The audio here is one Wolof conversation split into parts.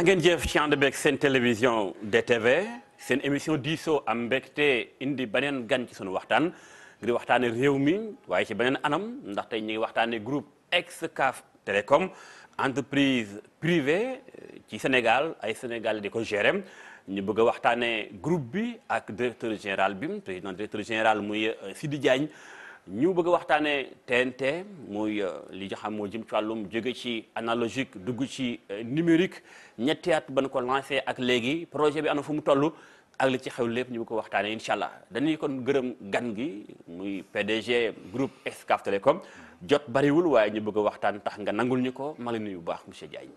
jaa ngeen jëf ci ànd beeg télévision DTV c'est une émission diisoo am mbégte indi beneen gan ci sunu waxtaan ngir waxtaane réew mi ci beneen anam ndax tay ñu ngi waxtaane groupe Excaf Telecom, entreprise privée euh, ci Sénégal ay Sénégal di ko gérer ñu bëgg waxtane groupe bi ak directeur général bi président directeur général muy euh, Sidi Diagne ñu bëgg a waxtaanee TNT muy euh, li nga xam moo jëm ci wàllum jóge ci analogique dugg ci euh, numérique ñetti at ban ko lancé ak léegi projet bi ana fu mu toll ak li ci xew lépp ñu bëgg ko waxtaanee incha allah dañuy kon gërëm gan gi muy PDG groupe Excaf Télécom jot bariwul waaye ñu bëgg waxtaan tax nga nangul ñu ko ma la nuyu baax monsieur Diagne.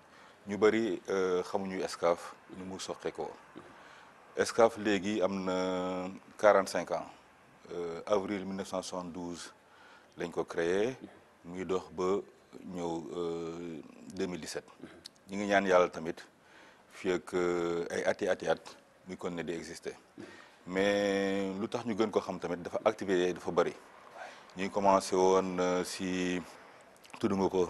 ñu bëri euh, xamuñu Excaf nu mu soqe ko Excaf léegi am na quarante 45 ans euh, avril 1972 lañ ko créer mu ngi dox ba ñëw 2017 euh, ñu ngi ñaan yàlla tamit fii ak ay ati ati at muy kon ne di exister mais lu tax ñu gën ko xam tamit dafa activité dafa bëri ñu ngi commencé woon si tudd ko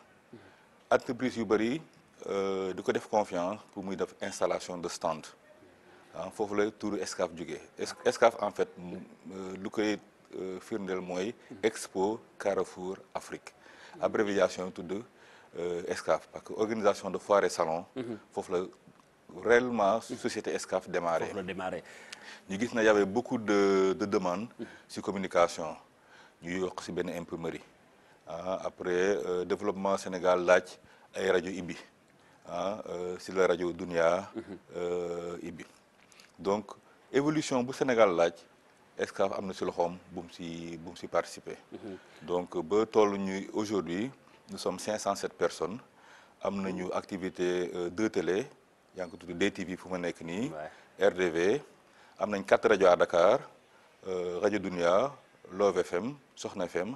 entreprise yu bari euh, def confiance pour l'installation def installation de stand ah foofu la turu escaf escaf en fait euh, lu koy euh, firndel moy Expo Carrefour Afrique abréviation tout euh, escaf parce que organisation de foire et salon mhm. foofu la réellement société escaf démarré foofu la démarrer ñu y avait beaucoup de de demandes sur communication ñu a ci une imprimerie ah, après euh, développement Sénégal et ay radio IBI. Ah, euh, c'est la radio Dunia. Mhm. Euh, IBI. donc évolution du Sénégal est-ce que na si loxoom bu mu bu participer. Mhm. donc aujourd'hui nous sommes 507 personnes Nous une mhm. activité euh, deux télé y a ko tudd DTV pour ma RDV nous avons quatre radios à Dakar Radio Dunia Love FM Soxna FM.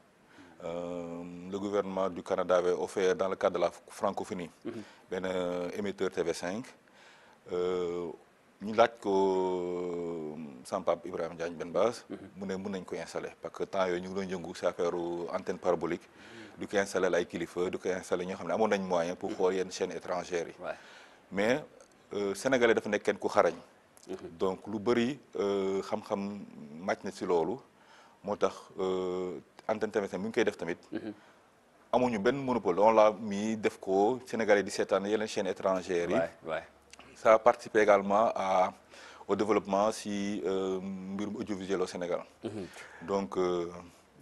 Euh, le gouvernement du Canada avait offert, dans le cadre de la francophonie, un mhm. euh, émetteur TV5. Nous, avons ko que euh, Ibrahim Diagne Ibrahim mu ne pouvait ko installé parce que tant que nous avons doon antenne parabolique. nous mhm. avons installé ay kilifa du ko installé pour xam une chaîne nañ moyen pour chaîne mhm. étrangère. chaînes étrangères yi. euh, sénégalais dafa nekk kenn ku xarañ. donc lu avons xam-xam màcc na si loolu moo antenne TMS mu ngi koy def tamit. Mhm. amuñu ben monopole on l'a mis def ko Sénégalais 17 ans yeneen chaîne étrangère yi. étrangère. ça participé également à au développement si euh, mbirum audiovisuel au Sénégal. Mhm. donc. Euh,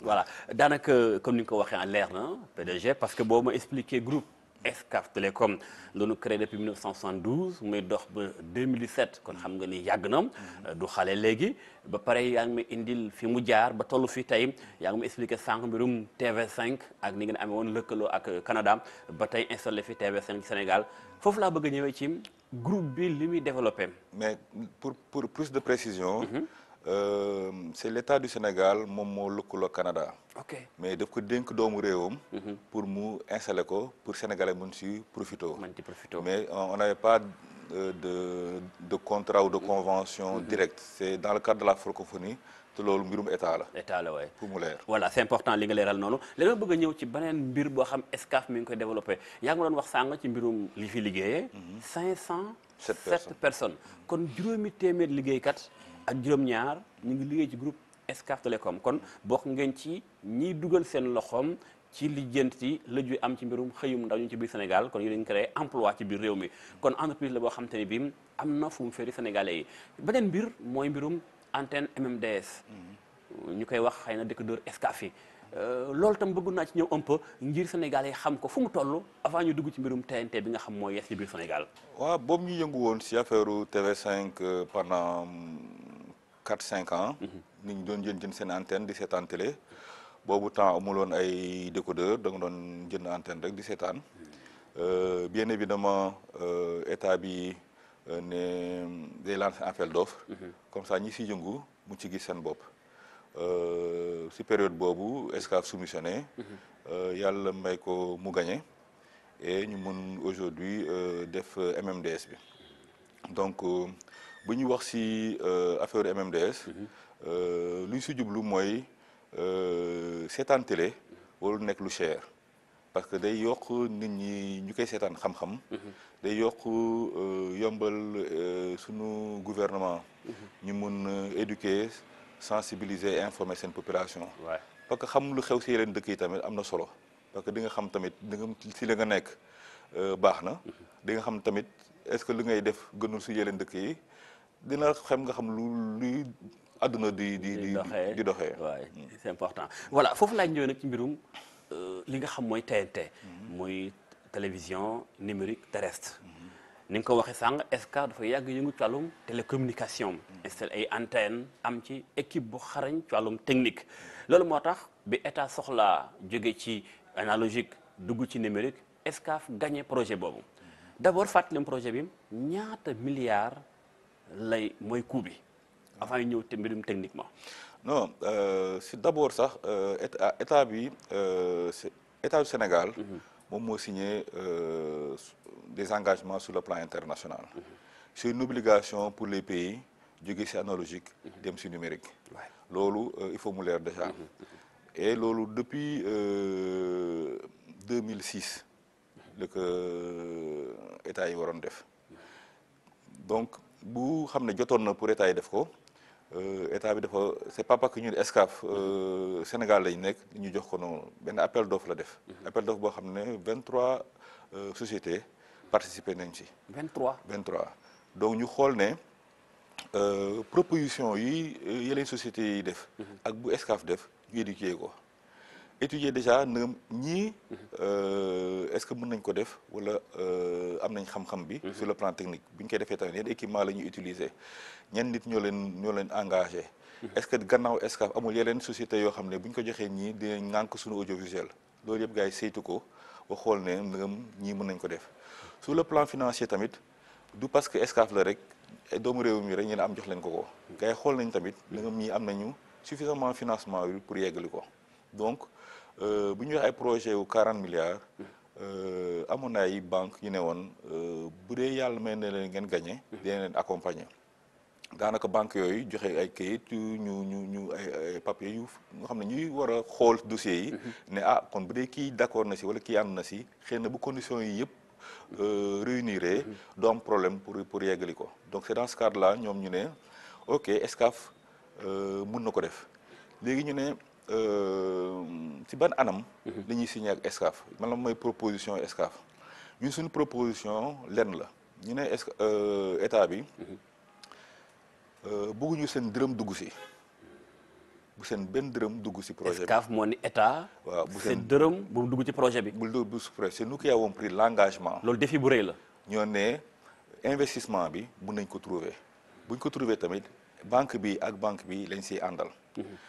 voilà danaka comme ni nga ko en l'air, PDG parce que boo expliquer le groupe. Excaf Télécom la ñu créé depuis 1972 mais dox 2007 2017 kon xam nga ni yàgg na mm-hmm. du xale léegi ba pare yaa ngi indil fi mu jaar ba toll fi tey yaa ngi ma expliqué sànq TV5 ak ni ngeen amee woon lëkkaloo ak Canada ba tey installé fi TV5 Sénégal foofu laa bëgg a ñëwee ci groupe bi li muy développé. mais pour pour plus de précision. Mm-hmm. Euh, c' est l' du Sénégal moom moo lëkkaloo Canada. mais daf ko dénk doomu réewam. Mhm. pour mu installer ko pour sénégalais mun si profito. mais on n'avait pas euh, de de contrat ou de convention mhm. directe C'est dans le cadre de la francophonie te loolu mbirum état la. état la waaye pour mu voilà c'est important li nga leeral noonu léegi bëgg a ñëw ci beneen mbir boo xam Excaf mi ngi koy développé ngi doon wax sànq ci mbirum li fi liggéeyee. 507 mhm. personnes 7 personnes kon juróomi téeméer liggéeykat. ak juróom-ñaar ñu ngi liggéey ci groupe Excaf Télécom kon bokk ngeen ci ñi dugal seen loxoom ci lijjanti la ju am ci mbirum xëyum ndaw ñu ci biir Sénégal kon yéen a créé emploi ci biir réew mi kon entreprise la boo xam te ne bii am na fu mu féeri sénégalais yi beneen mbir mooy mbirum antenne MMDS. Mm-hmm. ñu koy wax xëy na décodeur Excaf yi euh, loolu tam bëgg naa ci ñëw un peu ngir sénégalais xam ko fu mu toll avant ñu dugg ci mbirum TNT bi nga xam mooy yees ci biir Sénégal. waaw boobu ñu yëngu si affaire TV5 euh, pendant. Mm, quatre cinq ans. Mhm. nit ñi doon jën jën seen antenne di seetaan télé. boobu temps amuloon ay décodeur da nga doon jënd antenne rek di seetaan. Mhm. Euh, bien évidemment euh, état bi euh, ne day lancer appel mhm. comme ça ñi si jëngu mu ci gis seen bopp. si période boobu Excaf soumissionné. yàlla may ko mu gagné. et ñu mun aujourd'hui def MMDS bi donc. bu ñu wax ci euh, affaire MMDS. Mhm. Euh, lu ñu ci jublu mooy euh, seetaan télé warul nekk lu cher parce que day yokk nit ñi ñu koy seetaan xam-xam. Mhm. day yokk yombal sunu gouvernement. Mhm. ñu mun éduquer sensibiliser informer seen population. parce que xam xew ci yeneen dëkk yi tamit am na solo parce que di nga xam tamit di nga ci nga nekk baax na. di nga xam tamit est-ce que li ngay def gënul ci yeneen dëkk yi. dina xam nga xam lu luy aduna di di di di doxee waay c'est important voilà fofu laaj ñëw nak ci mbirum euh, li nga xam moy TNT moy mhm. télévision numérique terrestre ni nga ko waxee sànq Escart dafa yag yëngu ci wàllum télécommunication installé mhm. ay antenne am ci équipe bu xarañ ci walum technique lolu motax bi état soxla jóge ci analogique dugg ci numérique Escart gagné projet bobu mhm. d'abord fàttali projet bi ñaata milliards lay moy avant techniquement. non euh, c'est d'abord ça. sax euh, état euh, état du Sénégal. Mhm. mon signé des engagements sur le plan international. Mhm. c'est une obligation pour les pays du guichet analogique. Mhm. dem si numérique. lolu il faut mouler déjà. et lolu depuis 2006. le que état yi donc. bu xam ne jotoon na pour état yi def ko euh, état bi dafa c'est pas parce que ñun Excaf euh, Sénégal lañ nekk ñu jox ko noonu benn appel d'offre la def. Mhm. appel d'offre boo xam ne 23 euh, sociétés participer nañ ci. 23 23 donc ñu xool ne. proposition yi yeneen sociétés yi def. Mhm. ak bu Excaf def ñu éduquer ko. étudier déjà na ñii euh, est-ce que mën nañ ko def wala euh, am nañ xam-xam bi. Mhm. sur le plan technique bu ñu koy defee tamit yenn équipement la ñuy utiliser ñenn nit ñoo leen ñoo leen engagé. Mhm. est-ce que gannaaw Excaf amul yeneen société yoo xam ne bu ñu ko joxee ñii dinañ ŋànk suñu audiovisuel loolu yëpp gars yi saytu ko ba xool ne ndëgam ñii mën nañ ko def sur le plan financier tamit du parce que Excaf la rek doomu réew mi rek ñu ne am jox leen ko ko. gars xool nañ tamit ndëgam mhm. ñii am nañu suffisamment financement bi pour yeggali ko donc. Euh, bu ñu wax ay projet wu 40 milliards euh, amoon na ay banques yu ne woon euh, bu dee yàlla may ne leen ngeen gañe dina accompagner daanaka banques yooyu joxe ay kayit ñu ñu ñu ay ay papiers yu nga xam ne ñuy war a xool dossiers yi. Mhm. ne ah kon bu dee kii d'accord na si wala kii ànd na si xëy na bu condition yi yëpp. réuniré mhm. du am problème pour pour yeggali ko donc c'est dans ce cadre ñoom ñu ne ok Excaf mun na ko def léegi ñu ne. Euh, ci ban anam. Mhm. la signé ak Excaf man la mooy proposition Excaf ñu suñu proposition lenn la ñu ne euh, état bi. Mhm. euh bëggu ñu seen dërëm dugg ci bu seen ben dërëm dugg ci projet bi mo ni état. waaw bu seen dërëm bu dugg ci projet bi. bu dugg si projet c'est nous qui avons pris l'engagement. loolu défi bu rëy la. ñoo né investissement bi mun nañ ko trouver buñ ko trouver tamit banque bi ak banque bi lañ siy andal mhm.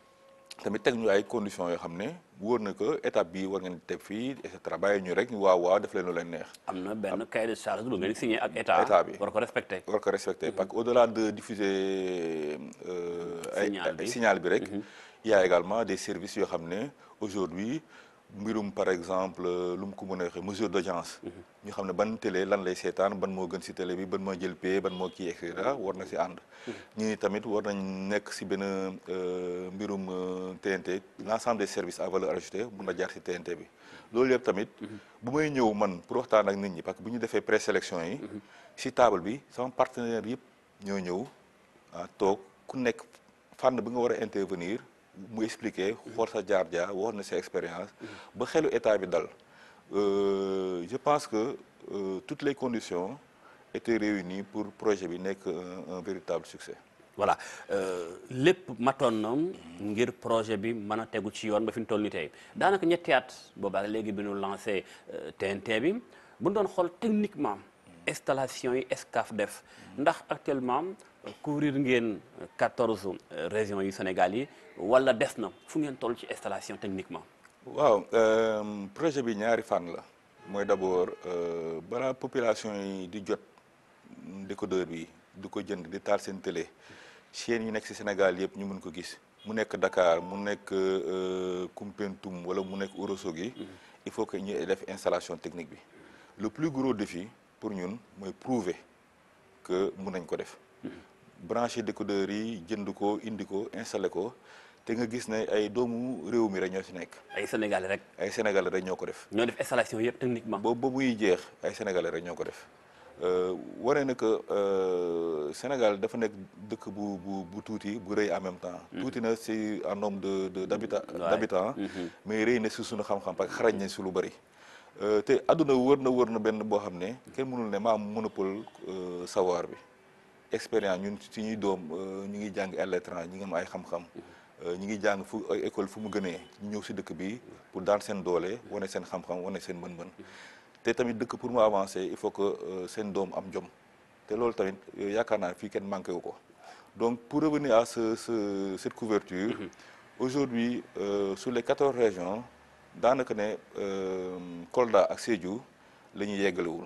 tamit teg ñu ay conditions yo xamné ne wóor na que étape bi war ngeen teg fi et cetera bàyyi ñu rek wa wa def leen lu leen neex. amna ben benn cahier de charge bu ngeen signé ak état. état bi war ko respecté. war ko respecté mhm. parce que au delà de diffuser. euh ay signal bi rek. Mhm. il y a également des services yo xamné aujourd'hui mbirum par exemple euh, lum ko mën a waxee mesure d'audience mhm. ñu xam ban télé lan lay sétane ban mo gën ci télé bi ban mo jël pay ban mo ki et cetera mhm. war na ci and mhm. ñi tamit war nañ nekk si benn euh, mbirum TNT euh, l'ensemble des services à valeur ajoutée mun na jaar ci TNT bi loolu yëpp tamit bu may ñëw man pour waxtaan ak nit ñi parce que bu ñu defee présélection yi ci table bi sama partenaire yëpp ñoo ñëw ah, tok ku nekk fan bi nga wara intervenir mu expliquer force sa jaar-jaar wax sa expérience ba xelu état bi dal euh, je pense que euh, toutes les conditions étaient réunies pour projet bi nekk un, véritable succès voilà euh, lépp matoon na ngir projet bi mën a ci yoon ba fi mu tay. nii tey daanaka ñetti at boobaa léegi bi ñu lancé TNT euh, bi bu doon techniquement installation yi escaf def ndax actuellement couvrir ngeen quatorze régions du Sénégal yi wala des na fu ngeen toll ci installation techniquement. waaw euh, projet bi ñaari fànn la mooy d'abord euh, balaa population yi di jot décodeur bi du ko jënd di taal seen télé chaînes yi nekk ci Sénégal yëpp ñu mën ko gis mu nekk Dakar mu nekk euh, Koumpentoum wala mu nekk Ourossogui mhm. il faut que ñu def installation technique bi le plus gros défi pour ñun mooy prouver que mun nañ ko def. Mhm. branché décodeur yi jënd ko indi ko installé ko te nga gis ne ay doomu réew mi rek ñoo si nekk. ay sénégalais rek. ay sénégalais rek ñoo ko def. ñoo def installation yëpp techniquement. boobu ba muy jeex ay sénégalais rek ñoo ko def euh, waree na que euh, Sénégal dafa nekk dëkk bu bu bu tuuti bu rëy en même temps. Mhm. tuuti na si en nombre de de d'habitants. Mhm. mais rëy na si suñu xam-xam parce que xarañ na si lu bari. Euh, te àdduna wër na wër na benn boo xam ne kenn mënul ne maa am monopole savoir bi. expérience ñun suñuy doom euh, ñu ngi jàng à ñu ngi am ay xam-xam euh, ñu ngi jàng fu école fu mu gënee ñu ñëw si dëkk bi pour daan seen doole wane seen xam-xam wane seen mën-mën te tamit dëkk pour mu avancer il faut que euh, seen doom am jom te loolu tamit yaakaar naa fii kenn manqué wu ko donc pour revenir à ce ce cette couverture mhm. aujourd'hui sur les quatorze régions daanaka ne Kolda ak Sédhiou la ñuy yeggalewul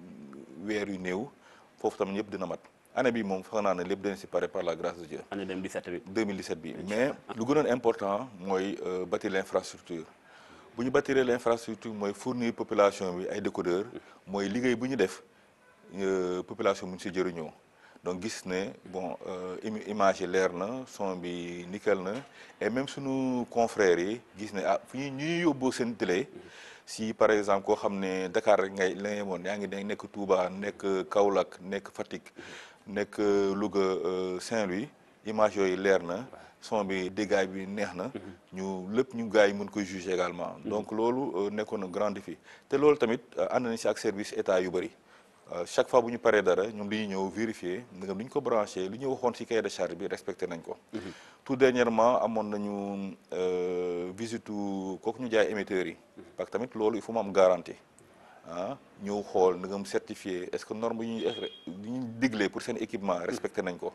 weer yu néew tam ñep dina mat année bi mom foog na ne lépp dina si par la grâce de Dieu. année 2017 bi 2017 bi mais lu gënoon important mooy euh, bâtir l'infrastructure. buñu bu l'infrastructure moy fournir population bi ay décodeurs moy liggéey buñu ñu def euh, population muñ ci si donc gis né bon euh, image yi na son bi nickel na et même suñu confrères yi gis né ah fu ñuy yobbo sen seen télé si par exemple ko xamné Dakar ngay Touba Kaolack Louga Saint-Louis image son bi dégâts bi ñu lepp ñu gaay également donc lolu euh, nekkoon grand défi té lolu tamit euh, ak service état yu bari Euh, chaque fois bu ñu paree dara ñun dañuy ñëw vérifier ndegam lu ñu ko branché lu ñu waxoon ci kay de charge bi respecté nañ ko. Mhm. tout dernièrement amoon nañu euh, visitu kooku ñu jaay émetteurs yi. Mhm. parce que tamit loolu il faut mu am garantie. ah ñëw xool ndegam certifier est-ce que norme yi ñu diglee pour seen équipement mhm. respecté nañ ko.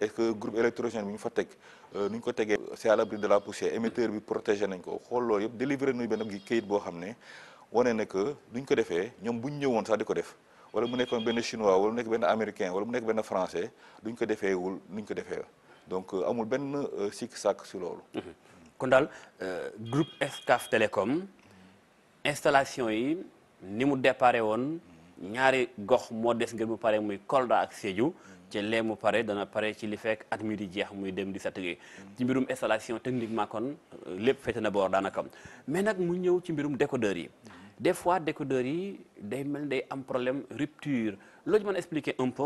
est-ce que groupe électrogène bi ñu fa teg euh, nu ñu ko tegee c'est à l'abri de la poussière émetteur bi protégé nañ ko xool loolu yëpp délivré nañu benn kayit boo xam ne wane na que ko defee ñoom buñ ñëwoon sax di ko def. wala mu nekkoon benn chinois wala mu nekk benn américain wala mu nekk benn français duñ ko defeewul nuñ ko defee donc euh, amul benn euh, sikk sàkk si loolu. Mhm. kon daal euh, groupe Excaf Télécom installation yi ni mu déparé woon ñaari gox moo des ngir mu pare muy Kolda ak Sédhiou. ci lee mu pare dana pare ci li fekk at mi di jeex muy dem di sa tëgee mhm. ci mbirum installation techniquement kon lépp fete na boor daanaka mais nag mu ñëw ci mbirum décodeur yi. Mhm des fois des coups des riz, des problème rupture L'autre un peu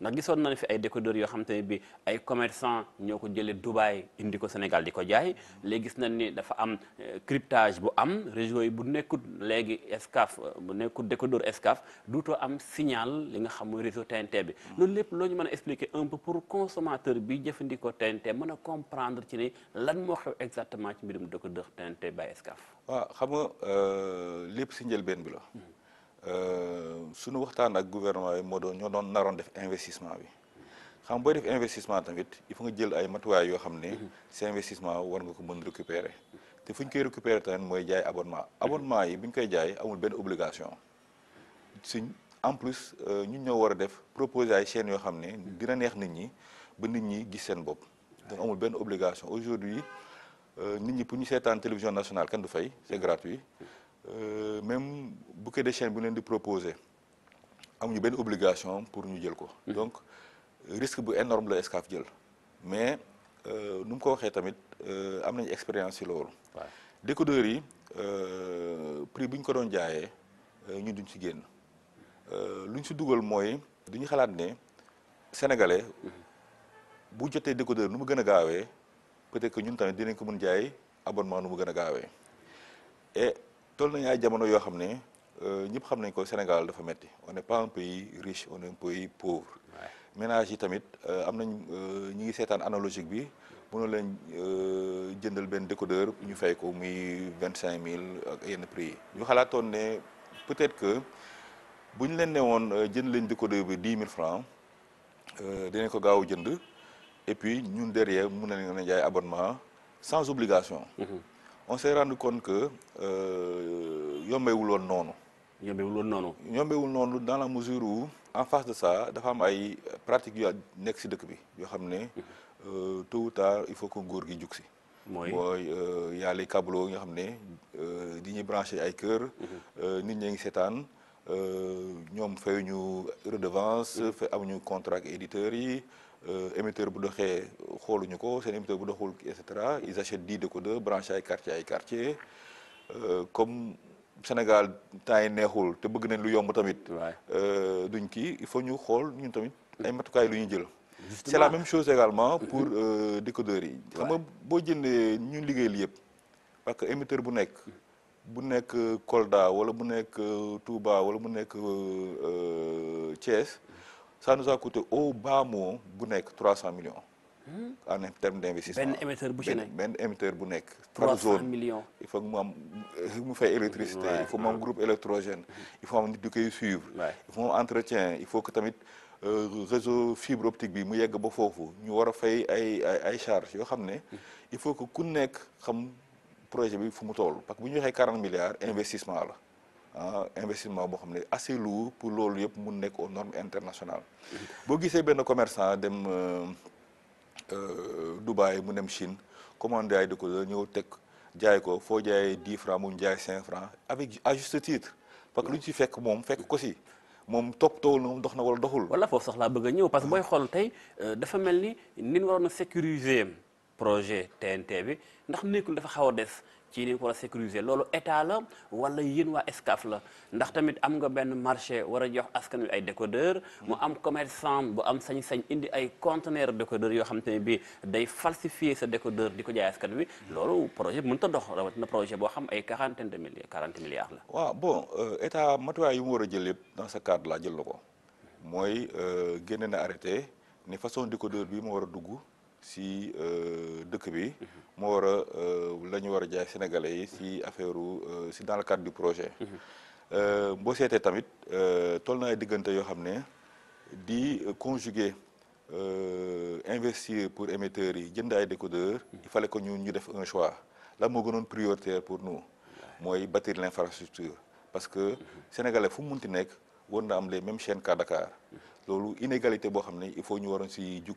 ndax gisoon nañ fi ay décodeurs yoo xam te ne bi ay commerçant ñoo ko jëlee Dubaï indi ko Sénégal di ko jaay léegi gis nañ ni dafa am euh, cryptage bu am région yi bu nekkut léegi Excaf euh, bu nekkut décodeur du duutoo am signal li nga xam mooy réseau TNT bi hmm. loolu lépp loo ñu mën a expliquer un peu pour consommateur bi jëfandikoo TNT mën a comprendre ci ni lan moo xew exactement ci mbirum décodeur TNT by Excaf waaw xam nga euh, lépp si njëlbeen bi la hmm. Euh, suñu waxtaan ak gouvernement bi moo doon ñoo doon naroon def investissement bi xam boy def investissement tamit il faut nga jël ay matuwaay yo xamné c'est mhm. investissement war nga ko mën récupérer té fuñ koy récupérer tamit moy jaay abonnement mhm. abonnement yi buñ koy jaay amul ben obligation suñ en plus euh, ñun ñoo wara def proposer ay chaîne yo xamné mhm. dina neex nit ñi ba nit ñi gis seen bop donc amul ben obligation aujourd'hui euh, nit ñi pour ñu seetaan télévision nationale kan du fay c'est gratuit Euh, même bouquet de chaîne bu leen di proposer amuñu benn obligation pour ñu jël ko. Mm-hmm. donc risque bu énorme la Excaf jël. mais euh, nu mu ko waxee tamit euh, am nañu expérience ci loolu. décodeurs yi prix bu ñu ko doon jaayee ñu duñ si génn lu ñu si dugal mooy duñu xalaat ne sénégalais mm-hmm. bu jotee décodeur nu mu gën a gaawee peut-être que ñun tamit dinañ ko mën jaay abonnement nu mu gën a gaawee tout le monde sait que le Sénégal On n'est pas un pays riche, on est un pays pauvre. Ménage tamit, nous euh, avons euh, analogique. Nous avons un décodeur qui fait 25 000 prix. Nous avons peut-être que si nous avons un décodeur de 10 000 francs, euh, nous avons et puis nous avons un abonnement sans obligation. Mm-hmm on s'est rendu compte que beaucoup de choses à faire dans la mesure où en face de ça dafa am ay pratiques euh, tôt tard il faut que les euh, il y a les câbles à nga setan, redevance, une redevance. un contrat éditeur, Euh, émetteur bu doxee xooluñu ko seen émetteur bu doxul et cetera ils achètent dix décodeurs branché ay quartier ay quartier euh, comme Sénégal temps yi neexul te bëgg nañ lu yomb tamit. Euh, duñ kii il faut ñu xool ñun tamit ay matukaay lu ñuy jël. c'est la même chose également pour décodeurs yi. xam boo jëndee ñu liggéeyal yëpp parce que émetteur bu nekk. bu nekk Kolda wala bu nekk tuba wala bu nekk Thiès. ça nous a coûté au bas mot 300 millions. Hmm? en termes d'investissement. Ben émetteur bu 300 millions il faut que je fasse l'électricité, fay électricité. il faut mu groupe électrogène. il faut am je suive, il faut que entretien il faut que tamit euh, réseau fibre optique bi mu yegg ba que charges hmm. il faut que ku le xam projet bi parce que bu ñu 40 milliards investissement ah investissement bo xamné assez lourd pour lolu yëpp mun nek aux normes internationales bo gissé ben commerçant dem euh, euh Dubaï mu dem Chine commandé ay décoder ñëw tek jaay ko fo jaayee 10 francs mu jaay 5 francs avec à juste titre parce que lu ci si fekk moom fekk ko si mom top to na dox na wala doxul. wala fo sax laa bëgg a ñëw parce que booy xool tey euh, dafa melni ni warona sécuriser projet TNT bi ndax nekul dafa xawa dess ci ni ko war a sécuriser loolu état la wala yéen waa Excaf la ndax tamit am nga benn marché war a jox askan wi ay décodeur mu am commerçant bu am sañ-sañ indi ay conteneur décodeur yoo xam te ne bi day falsifier sa décodeur di ko jaay askan wi loolu projet mënut ta dox na projet boo xam ay quarantaine de milliards quarante milliards la waaw bon euh, état matuwaay yu mu war a jël yëpp dans ce cadre là jël na ko mooy euh, génne na arrêté ni façon décodeur bi mu war a dugg si euh, dëkk bi. Mhm. moo war a euh, sénégalais yi si affaire euh, si dans le cadre du projet. Mhm. boo seetee tamit toll na ay diggante yoo di conjuguer investir pour émetteurs yi et ay décodeurs. Mhm. il fallait que ñun ñu def un choix la moo gënoon priorité pour nous mooy bâtir l'infrastructure, parce que sénégalais fu mu munti nekk am les mêmes chaînes qu'à Dakar loolu inégalité boo il faut ñu waroon si juk.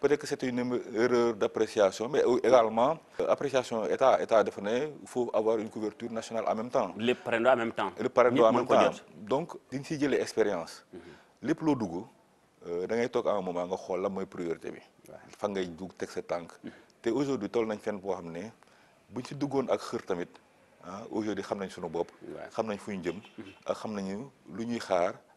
peut-être que c'est une erreur d'appréciation, mais également, euh, appréciation État, État de il faut avoir une couverture nationale en même temps. Les prendre en même temps. Les parrainage en même temps. Donc, d'ici j'ai l'expérience, mhm. les plus d'Ougou, euh, da ngay toog à un moment nga xool lan mooy priorité il faut ngay dugg teg sa tank. Mhm. te aujourd'hui tout nañ fenn boo pour amener, buñ ci duggoon ak xër tamit ah aujourd'hui xam nañ sunu bopp. xam nañ fu ñu jëm. Mhm. ak xam nañu xaar.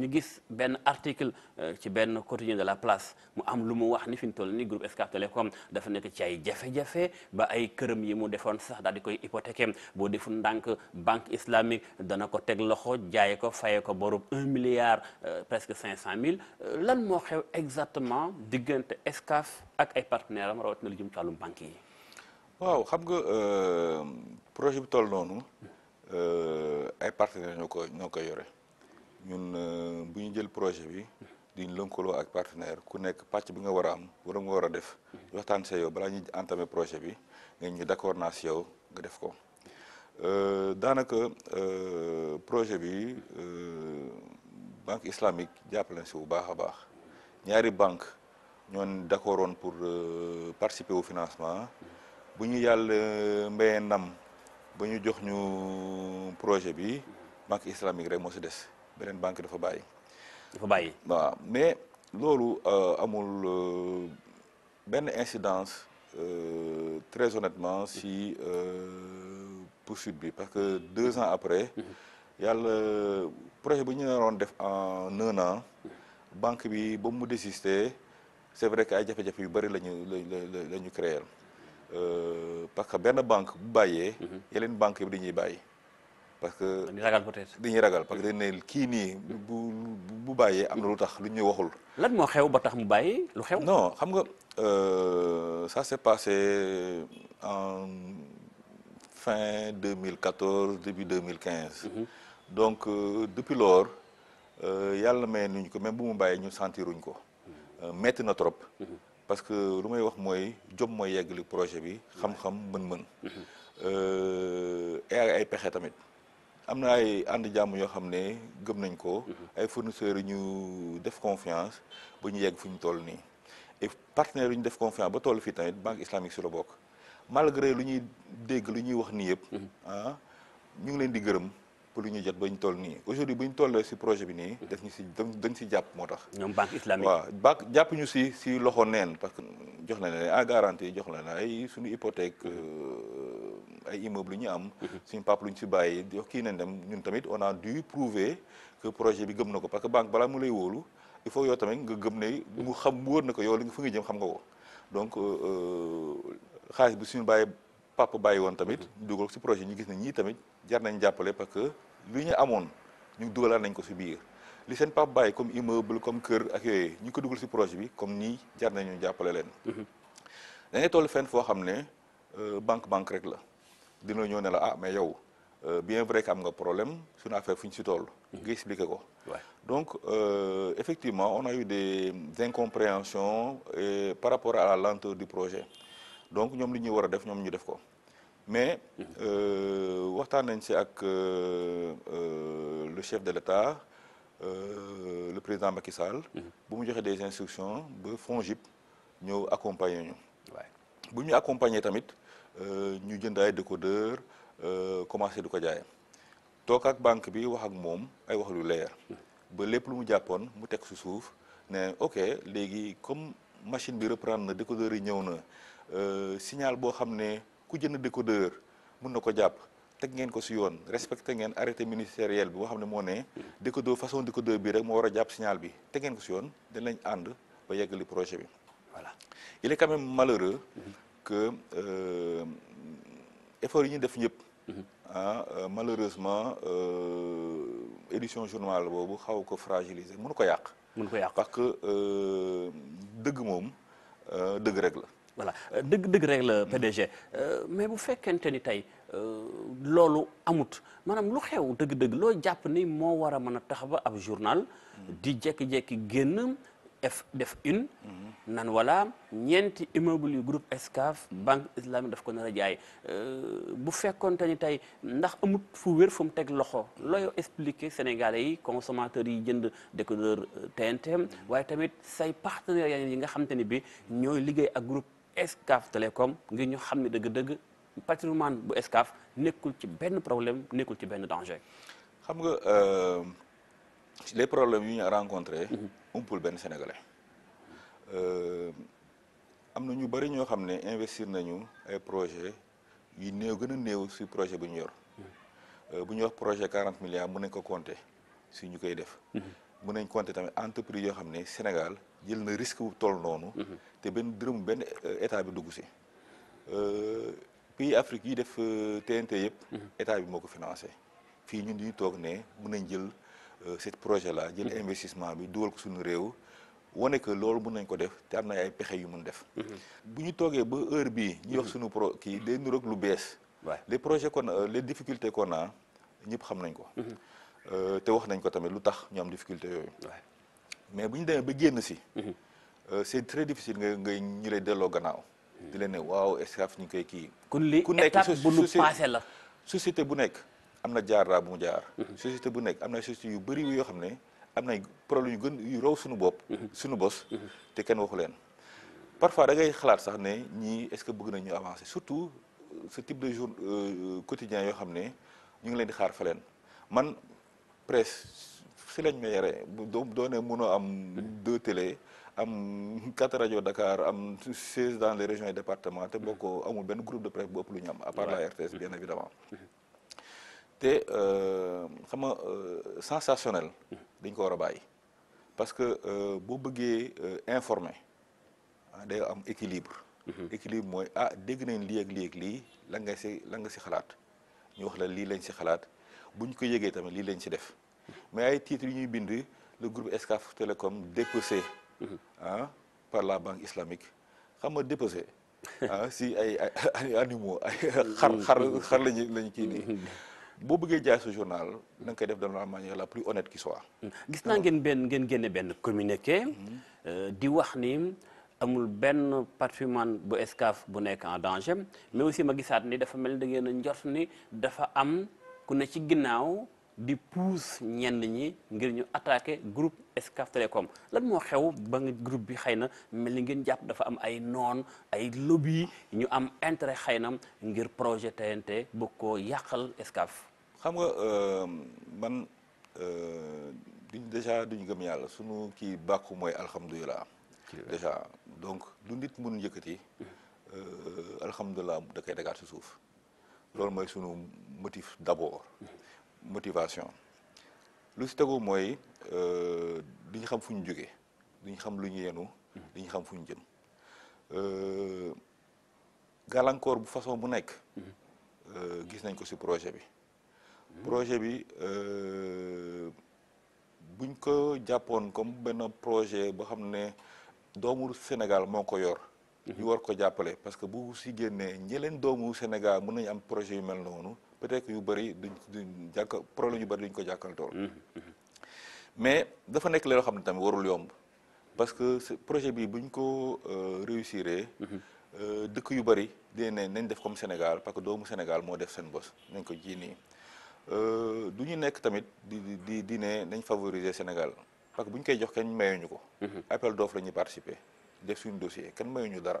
ñu gis ben article euh, ci ben quotidien de la place mu am lu wax ni fi toll ni groupe Excaf telecom dafa nekk ci ay jafe-jafe ba ay këram yi mu defoon sax daal di koy hypothéquer boo deful ndànk banque islamique dana ko teg loxo jaaye ko faye ko borub un milliard euh, presque cinq cent mille euh, lan moo xew exactement diggante Excaf ak ay partenaires am rawatina lu jëm ci wàllum banque yi. waaw xam nga projet bi toll noonu ay partenaires ñoo ko ñoo yore. ñun euh, bu ñu jël projet bi di lënkaloo ak partenaire ku nekk pàcc bi nga war a am wala nga war a def waxtaan see yow balaa ñuy entamé projet bi nga ñu d'accord naa si nga def ko euh, daanaka euh, projet bi banque islamique jàppale si bu baax a baax ñaari banque ñoon d'accord woon pour participer au financement bu ñu yàlla mbéyee ndam ba ñu jox ñu projet bi banque islamique rek moo si des beneen banque dafa bàyyi. dafa bàyyi waaw mais loolu euh, amul euh, benn incidence euh, très honnêtement si poursuite bi parce que deux ans après. yalla projet bu ñu naroon def en un an. banque bi ba mu désister c'est vrai que ay jafé jafé yu bari lañu lañu créer euh parce que benn banque bu bàyyee. Mhm. yeneen banque yi dañuy bàyyi. parce que dañuy ragal peut-être dañuy ragal parce que dañ kii nii bu bàyyee am na lu tax lu ñu waxul. lan moo xew ba tax mu bàyyi lu xew. non xam nga euh, ça s'est passé en fin 2014 début 2015. Mhm. donc euh, depuis lors euh, yàlla may nuñ ko même bu mu bàyyee ñu sentiruñ ko. Mhm. metti na trop. Mhm. parce que lu may wax mooy jom mooy yeggali projet bi. xam-xam mën-mën. ay pexe tamit. am na ay ànd jàmm yoo xam ne gëm nañ ko. Mhm. ay fournisseurs yu ñu def confiance ba ñu yegg fu ñu toll nii. et partenaires yu ñu def confiance ba toll fii tamit banque islamique si la bokk malgré lu ñuy dégg lu ñuy wax nii yëpp. Mhm. ah ñu ngi leen di gërëm. pour ñu jot bañ toll ni aujourd'hui buñ tollé ci projet bi ni def ñu ci dañ ci japp motax ñom banque islamique wa bak japp ñu ci ci loxo neen parce que jox nañ la garantie jox nañ la ay suñu hypothèque ay immeuble ñu am suñu pap luñ ci bayyi jox ki neen dem ñun tamit on a dû prouver que projet bi gëm nako parce que banque bala mu lay wolu il faut yo tamit nga gëm ne mu xam woor nako yo li nga fa nga jëm xam nga ko donc euh xaliss eh, bu suñu bayyi papa bàyyi woon tamit ñu dugal si projet ñu gis ne ñii tamit jar nañ jàppale parce que li ñu amoon ñu dugalaat nañ ko si biir li seen papa bàyyi comme immeuble comme kër ak yooyu ñu ko dugal si projet bi comme nii jar nañu jàppale leen mhm. da ngay toll fenn foo xam ne euh, banque banque rek la dina ñëw ne la ah mais yow euh, bien vrai que am nga problème suñu affaire fu ñu si tool mhm. nga expliqué ko donc euh, effectivement on a eu des incompréhensions par rapport à la lenteur du projet donc ñoom li ñuy war a def ñoom ñu def ko mais euh, waxtaan nañ si ak euh, euh, le chef de l'État le président Macky mhm. bu mu joxe des instructions ba FONGIP ñëw accompagner ñu. bu ñu accompagner tamit ñu jënd ay décodeur commencé du ko jaay toog ak banque bi wax ak moom ay wax leer. Mhm. ba lépp lu mu jàppoon mu teg su suuf ne ok léegi comme machine bi reprendre na décodeur yi ñëw na. Euh, signal boo xam ne ku jënd décodeur mun na ko jàpp teg ngeen ko si yoon respecté ngeen arrêté ministériel bi boo xam ne moo ne décodeur façon décodeur bi rek moo war a jàpp signal bi te ngeen ko si yoon dañ lañ ànd ba yeggali projet bi voilà il est quand même malheureux que euh, effort yi ñu def ñëpp mhm. ah euh, malheureusement édition journal boobu xaw ko fragiliser mënu ko yàq mënu ko yàq parce que dëgg moom dëgg rek la voilà euh, dëgg dëgg rek la PDG euh, mais bu fekkente ni tey euh, loolu amut maanaam lu xew dëgg-dëgg loo jàpp ni moo war a mën a tax ba ab journal di jekki-jekki génn def une mhm. nan wala ñeenti immeuble yu groupe Excaf mhm. banque islamique daf ko nar a jaay bu fekkonte ni tey ndax amut fu wér fu mu teg loxo looy expliquer sénégalais yi consommateurs yi jënd décodeur TNT mhm. waaye tamit say partenaires yi nga xam ni bi ñooy liggéey ak groupe Excaf Télécom ngir ñu xamni deug deug patrimoine bu Excaf nekkul ci ben problème nekkul ci ben danger. xam nga euh les problèmes yu ñu rencontré. Mhm. umpul ben sénégalais. euh amna ñu bari ño xamné investir nañu ay projet yu neew gëna neew ci projet bu ñu yor. Mhm. Euh, bu ñuy wax projet 40 milliards mën nañ ko compter si ñu koy def. mën mhm. nañ compter tamit entreprise yo xamné Sénégal. jël na risque bu toll noonu. Mhm. te benn dërëm benn euh, état bi dugg si. Euh, pays Afrique yi def TNT euh, yëpp. Mhm. état bi moo ko financé. fii ñun duñu toog ne mën nañ jël ce projet là jël mhm. investissement bi dugal ko suñu réew. wane loolu mën nañ ko def te am na ay pexe yu mun def. bu ñu toogee ba heure bii. ñu wax suñu pro kii day nur lu bees. waaw les projets qu'on a les difficultés qu'on a ñëpp xam nañ ko. te wax nañ ko tamit lu tax ñu am difficulté yooyu. mais bu ñu demee ba génn si. Mhm. Euh, c'est très difficile nga ngay ñu lay delloo gannaaw. di leen ne waaw escaf ñu koy kii. ku nekk ku nekk étape bu nu passé la. société bu nekk am na jaar raa bu mu jaar. Mhm. société bu nekk am na société yu bëri yoo xam ne am na problème yu gën yu raw suñu bopp. Mhm. suñu bos. te kenn waxu leen. parfois da ngay xalaat sax ne ñii est-ce que bëgg nañu ñu avancer surtout euh, ce type de jour euh, quotidien yoo xam ne ñu ngi leen di xaar fa leen man presse. fi lañ may yare bu doonee mënoo am deux télé am quatre rajo Dakar am seize dans les régions et départements te boo ko mhm. amul benn groupe de presse bu ëpp lu am à la RTS bien mhm. évidemment mhm. te euh, xam nga euh, sensationnel dañ ko war a parce que euh, boo bëggee informer ah, day am équilibre équilibre mooy ah dégg nañ lii ak lii ak lii la nga si la nga si xalaat ñu wax la lii lañ si xalaat buñ ko yëgee tamit lii lañ si def mais ay titres yu ñuy bind le groupe Excaf Telecom déposé, mhm. hein, par la banque islamique xam nga dépecé hein, si ay ay animaux ay mhm. xar xar xar lañu lañu kii nii mhm. boo bëggee jaay sa journal da koy def de la manière la plus honnête qui soit. gis naa ngeen benn ngeen génne benn communiqué. Euh, di wax ni amul ben patrimoine bu Excaf bu nekk en danger mais aussi ma gisaat ni dafa mel ni da ngeen a ni dafa am ku ne ci ginnaaw. di pousse ñenn ñi ngir ñu attaqué groupe Excaf Télécom lan moo xew ba nga groupe bi xëy na mel ni ngeen jàpp dafa am ay noon ay lobby ñu am intérêt xëy na ngir projet TNT bëgg koo yàqal Excaf. xam nga euh, man euh, duñ déjà duñ gëm yàlla sunu kii bàkku mooy alhamdulilah. déjà donc du nit mun yëkkati. Euh, alhamdulilah da koy dagaat si suuf loolu mooy sunu motif d'abord. Mmh. motivation lu si tegu mooy euh, duñu xam fu ñu jógee duñu xam lu ñu yenu duñu xam fu ñu jëm euh, gàllankoor bu façon bu nekk mm-hmm. euh, gis nañ ko si projet bi projet bi buñ ko jàppoon comme benn projet boo xam ne doomu Sénégal moo ko yor mm-hmm. ñu war ko jàppale parce que bu si génnee ñeneen doomu Sénégal mën nañu am projet yu mel noonu peut-être yu bëri duñ duñ jàkk problème yu bëri duñ ko jàkkal tool mm-hmm. mais dafa nekk loo xam ne tamit warul yomb parce que projet bi buñ ko euh, réussir mm-hmm. euh, dëkk yu bari dinañ ne nañ def comme Sénégal parce que doomu Sénégal moo def seen bos nañ ko ji nii euh, du ñu nekk tamit di di di ne nañ favoriser Sénégal parce que bu ñu koy jox kenn mayuñu ko. Mm-hmm. appel d'offre la ñuy participer def suñu dossier kenn ñu dara.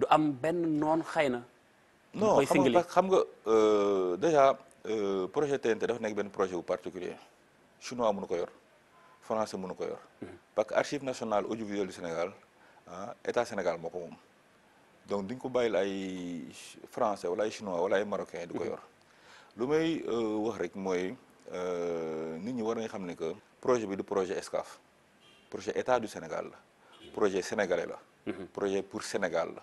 du am benn noon xëy na. non xam nga xam nga euh, déjà euh, projet TNT dafa nekk benn projet bu particulier chinois mënu ko yor français mënu ko yor. Mhm. parce que archive nationale audiovisuelle du Sénégal ah état Sénégal moo ko moom. donc duñ ko bàyyil ay français wala ay chinois wala ay marocains di ko mhm. yor lu may euh, wax rek mooy nit ñi war nañ xam ne que projet bi du projet Excaf projet état du Sénégal la mhm. projet sénégalais la. projet pour Sénégal la.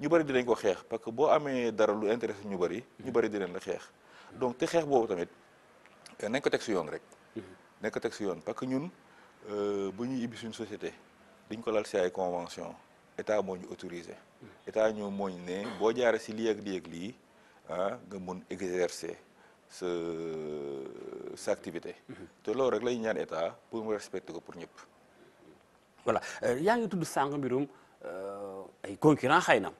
ñu bëri dinañ ko xeex parce que boo amee dara lu intéressé ñu bëri ñu bëri dinañ la xeex donc te xeex boobu tamit eh, nañ ko teg si yoon rek mhm. nañ teg si yoon parce que ñun euh, bu ñuy ibbi suñu société dañ ko lal si ay convention état moo ñu autorisé mhm. état ñoo mooñ ne boo jaaree si lii ak lii ak lii ah, nga mun exercer sa sa activité mhm. te loolu rek lañu ñaan état pour mu respecter ko pour ñëpp voilà euh, yaa ngi tudd sàng mbirum euh, ay concurrent xëy na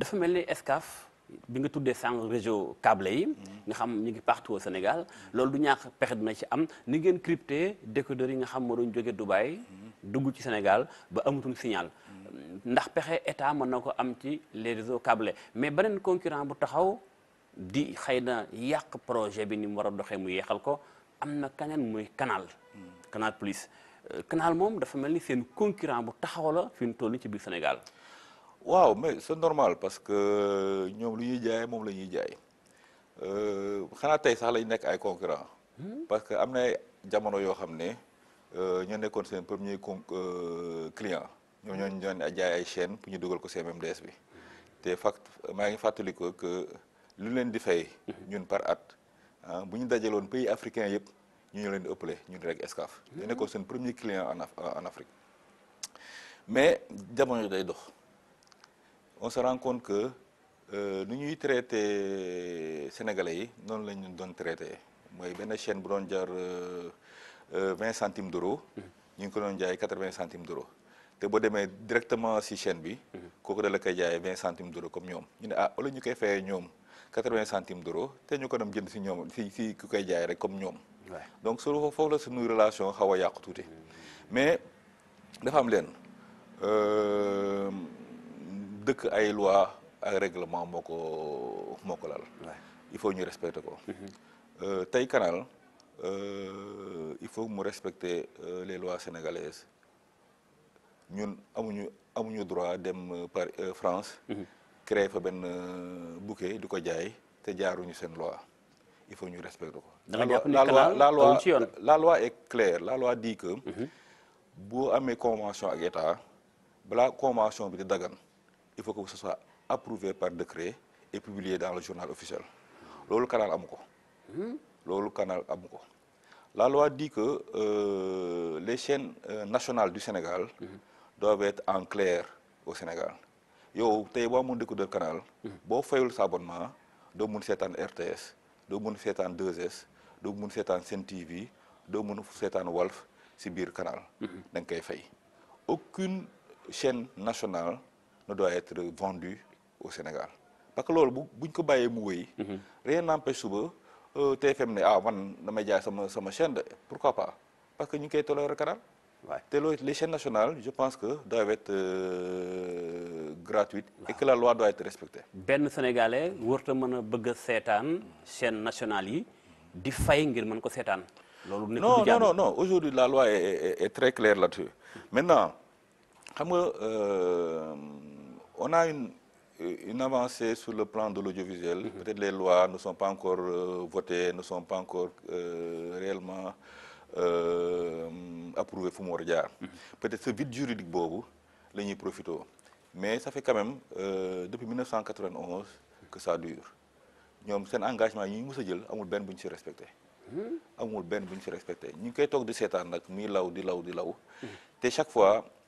dafa mel ni Excaf bi nga tuddee sànq réseau câble yi nga xam ñu ngi partout Sénégal loolu du ñàkk pexe dina ci am ni ngeen crypté décodeurs yi nga xam moo doon jóge Dubaï dugg ci Sénégal ba amatul signal ndax pexe état mën na ko am ci les réseau cable mais beneen concurrent bu taxaw di xëy na yàq projet bi ni mu war a doxee mu yeexal ko am na keneen muy canal canal plus euh, canal moom dafa mel ni seen concurrent bu taxaw la fi mu toll ci biir Sénégal Wow, mais c'est normal parce que ñom lu ñuy jaay mom lañuy jaay. Euh xana tay sax lay nek ay concurrent hmm? parce que amna jamono yo xamné euh ñu nekkon seen premier euh client ñoo ñoo ñoo ay jaay ay chaîne pour ñu duggal ko CMMDS bi. Té fact ma ngi fatali ko que lu leen di fay ñun hmm. par at hein eh, bu ñu dajaloon pays africain yépp ñu ñu leen di ëppalé ñun hmm? rek escaf ñu nekkoon seen premier client en, Af en eh, Afrique mais jamono day dox on se rend compte que euh, nous y traiter les Sénégalais, non les avons traité. Moi, une chaîne qui euh, euh, 20 centimes d'euros, nous avons déjà 80 centimes d'euros. Si vous allez directement sur la chaîne, vous allez avoir 20 centimes d'euros comme nous. Nous allons nous 80 centimes d'euros, nous allons nous faire si si vous Donc, il faut que nous ayons une relation avec nous. Mhm. Mais, les femmes, euh, deuk ay loi ak règlement moko moko lal il faut ñu respecter ko mhm. euh tay canal euh il faut mu respecter euh, les lois sénégalaises ñun amuñu amuñu droit dem euh, par euh, France mhm. créer fa ben bouquet diko ko jaay te jaaruñu sen loi il faut ñu respecter ko la loi la loi la loi est claire la loi dit que mhm. boo amé convention ak état bla convention bi di dagan il faut que ce soit approuvé par décret et publié dans le journal officiel. le canal amuko. Hmm? le canal amuko. La loi dit que euh, les chaînes euh, nationales du Sénégal hmm. doivent être en clair au Sénégal. Yo, tu es mon découvert de canal, bon fait le abonnement, de mon en RTS, de mon un 2S, de mon en CNTV, TV, de mon en Wolf, Sibir canal. Mm -hmm. Aucune chaîne nationale doit être vendu au Sénégal parce que si on buñ ko mhm. rien n'empêche euh, TFM ne ah man damay jaay sama sama chaîne pourquoi pas parce que nous sommes tous les canal. les chaînes nationales je pense que doivent être euh, gratuites. et que la loi doit être respectée. Ben sénégalais vous êtes a bëgg de chaîne nationale nationales yi di fay ngir ko sétane non non non non aujourd'hui la loi est est très claire là-dessus maintenant xam nga. Euh, on a euh, une, avancée sur le plan de l'audiovisuel. Mhm. Peut-être les lois ne sont pas encore euh, votées, ne sont pas encore euh, réellement approuvées mhm. Peut-être ce vide juridique, vous, les nous profitons. Mais ça fait quand même depuis 1991 que ça dure. Nous avons un engagement, nous avons ben buñ ci respecté. Mhm. Amul ben buñ ci respecté. Ñu koy tok di sétane nak mi law di law di law. Té chaque fois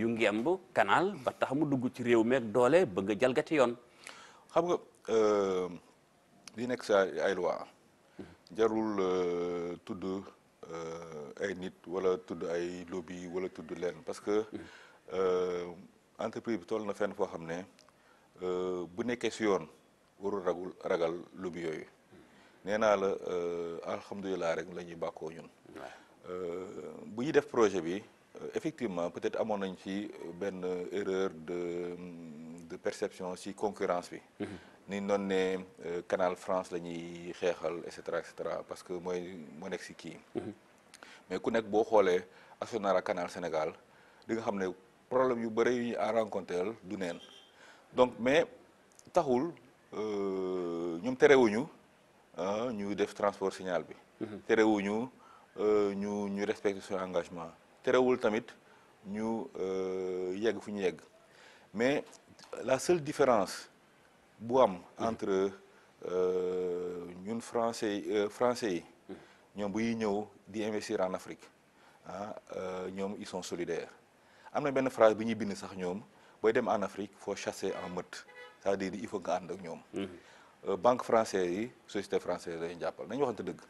yu ngemb canal ba tax mu dugg ci réew meeg doole bëgg a jalgati yoon. xam nga euh, li nekk sa ay loi jarul euh, tudd euh, ay nit wala tudd ay lobby wala tudd leen parce que entreprise bi toll na fenn foo xam ne bu nekkee si yoon warul ragul ragal lobby yooyu nee naa la alhamdulilah rek lañuy ñuy bàkkoo ñun. bu ñuy def projet bi. Euh, effectivement peut-être à mon ci une euh, euh, erreur de mm, de perception aussi concurrence bi mhm. ni noon ne Canal France la ñuy xeexal et cetera parce que mooy moo nekk ci mhm. mais ku on boo xoolee Asonara Canal Sénégal di nga xam problème yu bëri yu ñu à rencontré du neen donc mais taxul nous terewuñu ah, ñu def transport signal bi mhm. euh, ñu ñu respecter son engagement terewul tamit ñu euh, yegg fu ñu yegg mais la seule différence bu am entre euh, ñun français euh, français ñom bu ñuy ñëw di investir en Afrique ah ñom ils sont solidaires amna ben benn phrase bi ñuy bind sax ñom boy dem en Afrique faut chasser en meute c'est-à-dire il faut nga ànd ak ñoom. Mm-hmm. banque française yi société française lay jappal nañu waxante dëgg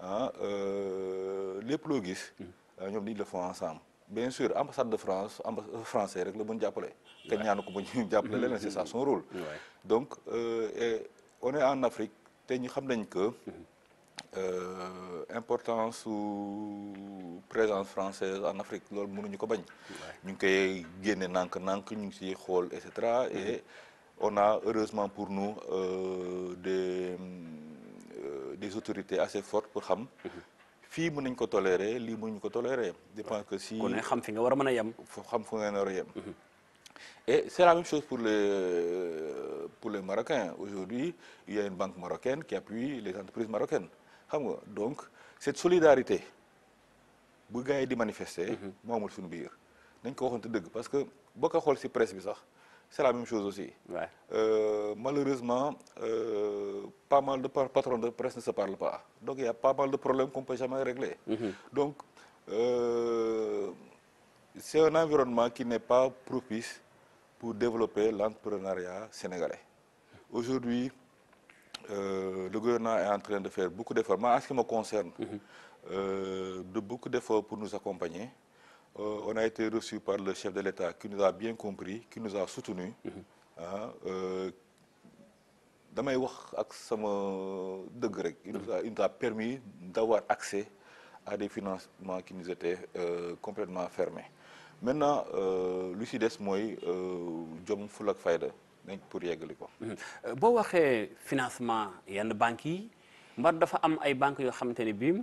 ah lepp lo gis. Mm-hmm. Euh, le font ensemble bien sûr l'ambassade de France l'ambassade euh, français rek la c'est ça son rôle donc euh, on est en Afrique et nous savons que l'importance mm-hmm. importance ou présence française en Afrique c'est ce ko bañ ñu nank nank, ñu et mm-hmm. on a heureusement pour nous des autorités assez fortes pour nous fii mën nañ ko toléré lii mënuñ ko toléré dépend que si ku ne xam fi nga wara mëna yam a xam fu nga war a mhm. et c'est la même chose pour les euh, pour les Marocains aujourd'hui il y a une banque marocaine qui appuie les entreprises marocaines xam nga donc cette solidarité bu gars di manifester momul mhm. suñu biir nañ ko te deug parce que boo xol ci presse bi sax c'est la même chose aussi. Euh, malheureusement, euh, pas mal de patrons de presse ne se parlent pas. Donc il y a pas mal de problèmes qu'on ne peut jamais régler. Mhm. Donc euh, c'est un environnement qui n'est pas propice pour développer l'entrepreneuriat sénégalais. Aujourd'hui, le gouvernement est en train de faire beaucoup d'efforts. en ce qui me concerne, mhm. de beaucoup d'efforts pour nous accompagner. Euh, on a été reçu par le chef de l'État qui nous a bien compris, qui nous a soutenus. Mhm. Ah, euh, damay wax ak sama il nous a il nous a permis d'avoir accès à des financements qui nous étaient euh, complètement fermés maintenant euh, Lucides Moy, mooy jom ful ak fayda nañ pour yeggali ko. Mhm. boo waxee financement yenn a yi mbar dafa am ay banques banque qui ne bii.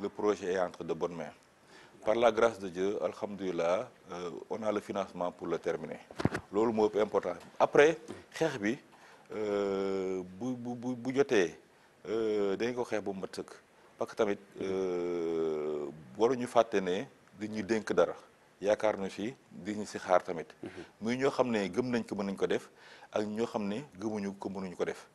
le projet est entre de bonnes mains. Par la grâce de Dieu, Alhamdulillah, euh, on a le financement pour le terminer. loolu moo ëpp important après xeex bi euh, bu bu bu bu jotee euh, dañu ko xeex bu mat parce que tamit euh, waruñu fàtte ne dañuy dénk dara yaakaar na fi di ñu si xaar tamit. muy ñoo xam ne gëm nañ ko mën nañ ko def ak ñoo xam ne gëmuñu ko mënuñu ko def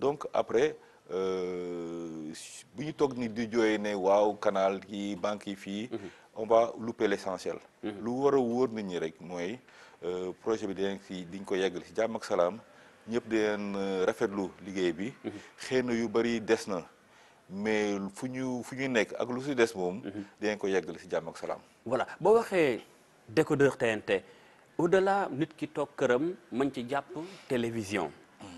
donc après. Euh, bu ñu toog ni di jooy ne waaw kanaal yi banque yi fii mhm. on va louper l'essentiel mhm. lu war a wóor nit ñi rek mooy euh, projet bi dinañ si diñ ko yeggal si jàmm ak salaam ñëpp dinañ euh, rafetlu liggéey bi mhm. xëy yu bari des na mais fu ñu fu ñu nekk ak lu si des moom dinañ ko yeggal si jàmm ak salaam voilà boo waxee décodeur TNT au delà nit ki toog këram mën ci jàpp télévision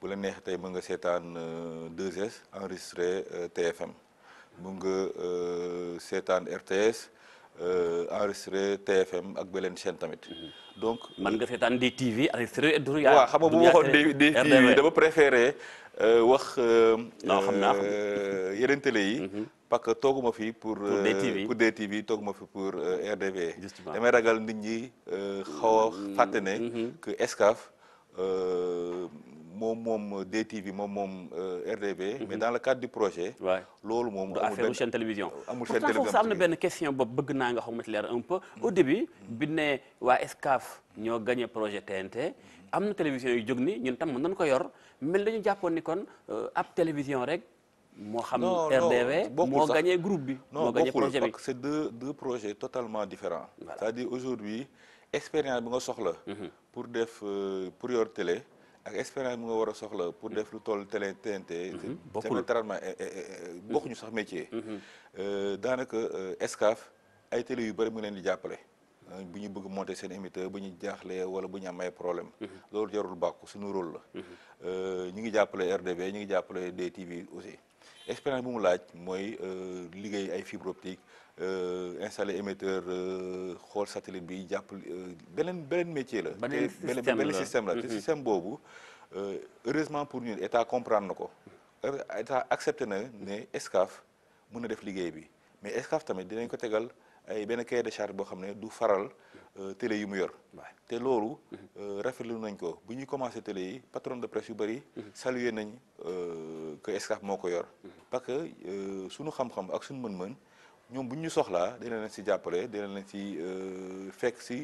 bu la neexee tey mën nga seetaan 2S euh, enregistré euh, TFM mën nga euh, seetaan RTS enregistré TFM ak beneen chaîne tamit. Mhm. donc man nga seetaan DTV enregistré. waaw xam nga bu ma waxoon DTV dama préféré wax. xam naa yeneen yi. Mhm. parce que tooguma fi pour. pour DTV pour DTV tooguma fi pour RDV. damay ragal nit ñi xaw a fàtte ne. Mhm. que Excaf. moom moom DTV moom moom euh, RDB. mais mhm. dans le cadre du projet. waay loolu moom. amul affaire chaîne télévision. amul chaîne télévision pourtant am na benn question boobu bëgg naa nga xaw ma ci leer un peu. Mhm. au début bi ne waa Escaf ñoo gagner projet TNT. Mhm. am na télévision yu jóg ni ñun tam mën nañu ko yor mel dañu jàppoon ni kon euh, ab télévision rek. moo xam RDV moo gagner groupe bi. moo gagné projet bi non c'est deux deux projets totalement différents. c'est-à-dire aujourd'hui expérience bi nga soxla. pour def euh, pour yor télé. ak expérience bi nga war a soxla pour def lu toll télé TNT. Mhm. bokkul traitement eh, eh, eh, bokkuñu sax métier. Mhm. Euh, daanaka Excaf euh, ay télé yu bëri mu leen di jàppale. Euh, bu ñu bëgg monter seen émetteur bu ñu jaaxlee wala bu ñu am problème mhm. loolu jarul bàkku suñu rôle la. ñu ngi jàppale RDB ñu ngi jàppale DTV aussi expérience bu mu laaj mooy liggéey ay fibre optique. Euh, installé émetteur euh, xool satelite bi jàpp euh, beneen beneen métier la. beneen système la te mhm. système boobu heureusement pour ñun état comprendre na ko. Er, état accepté na ne Excaf mën na def liggéey bi mais Excaf tamit dinañ ko tegal ay benn cahier de charge boo xam ne du faral télé yi mu yor. te loolu. Mhm. rafetlu nañ ko bu ñuy commencé télé yi patron de presse yu bëri. Mhm. saluer nañ que Excaf moo ko yor. parce que suñu xam-xam ak suñu mën-mën. ñoom bu ñu soxlaa dina leen si jàppale dina leen si euh, fekk si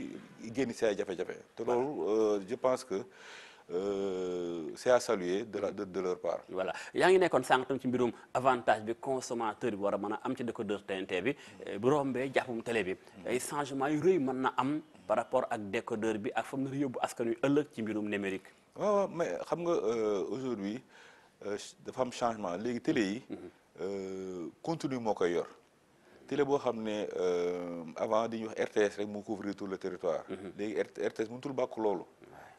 génn si ay jafe-jafe. te loolu euh, je pense que euh, c'est à saluer de la de, de leur part. voilà yaa ngi nekkoon sànq ci mbirum avantage bi consommateur bi war a mën a am ci décodeur TNT bi eh, bu rombee jàppum télé bi mm. ay changement yu rëy mën na am par rapport ak décodeur bi ak fa mu yóbbu askan wi ëllëg ci mbirum numérique. waaw waaw mais xam nga euh, aujourd'hui dafa am changement léegi télé yi. Mm-hmm. continue moo koy yor télé bo xamné ne euh, avant dañuy wax RTS rek mu couvrir tout le territoire. Mm-hmm. légui RTS mënatul bàkk lolu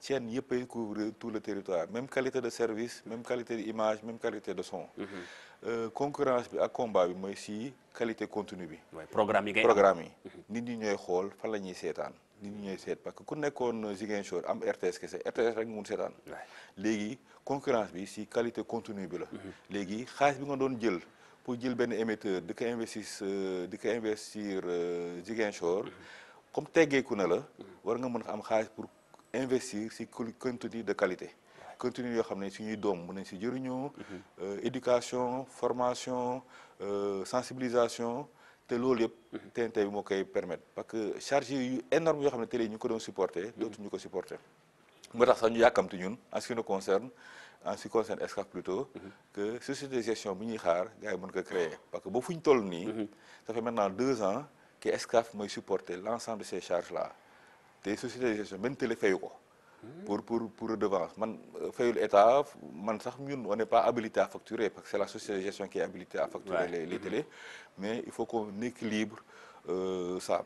chaîne yépp ay couvrir tout le territoire même qualité de service même qualité d'image même qualité de son. Mm-hmm. Euh, concurrence bi ak combat bi moy si qualité contenu bi. programme yi ngay programme yi. Mm-hmm. nit ñi ñoy xol fa lañuy sétane nit ñi ñoy sét parce que ku nekkoon Ziguinchor am RTS kese RTS rek mu sétane légui concurrence bi si qualité contenu bi la. légui xaalis bi nga doon jël pour jël ben émetteur de qui investir euh, de qui investir euh, Ziguinchor mhm. comme teggeeku na la war nga mën a am pour investir si contenu de qualité contenu yoo xam ne suñuy doom mën nañ si mhm. euh, éducation formation sensibilisation te loolu yëpp TNT mhm. bi moo koy permettre parce que charge yu énorme yoo xam ne télé yi ñu ko doon supporter dootuñu ko supporter je pense que ñu avons ñun en ce qui nous concerne en ce qui concerne ESCAF plutôt que société de gestion bi ñuy xaar gars yi créer parce que si on ñu toll mhm. ça fait maintenant deux ans que l'ESCAF a supporter l'ensemble de ces charges là Les sociétés de gestion même télé fayu mhm. pour pour pour redevance man euh, l'état, on n'est pas habilité à facturer parce que c'est la société de gestion qui est habilitée à facturer les les mhm. télés mais il faut qu'on équilibre euh, ça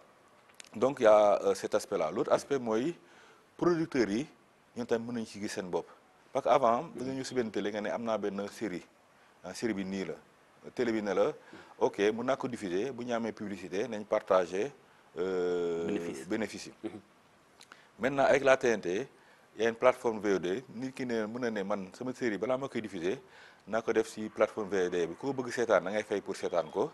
donc il y a euh, cet aspect là l'autre aspect c'est la yi ñun tamit mën ci gis seen bopp parce que avant da nga ñëw si télé nga né amna ben série ah, série bi ni la télé bi né la ok mën naa ko diffuser bu ñu publicité nañ partager euh, bénéfice mhm. maintenant avec la TNT il y a une plateforme VOD ni ki né mëna né man sama série bala ma koy diffuser nako def ci plateforme VOD bi ko bëgg sétane da ngay fay pour sétane ko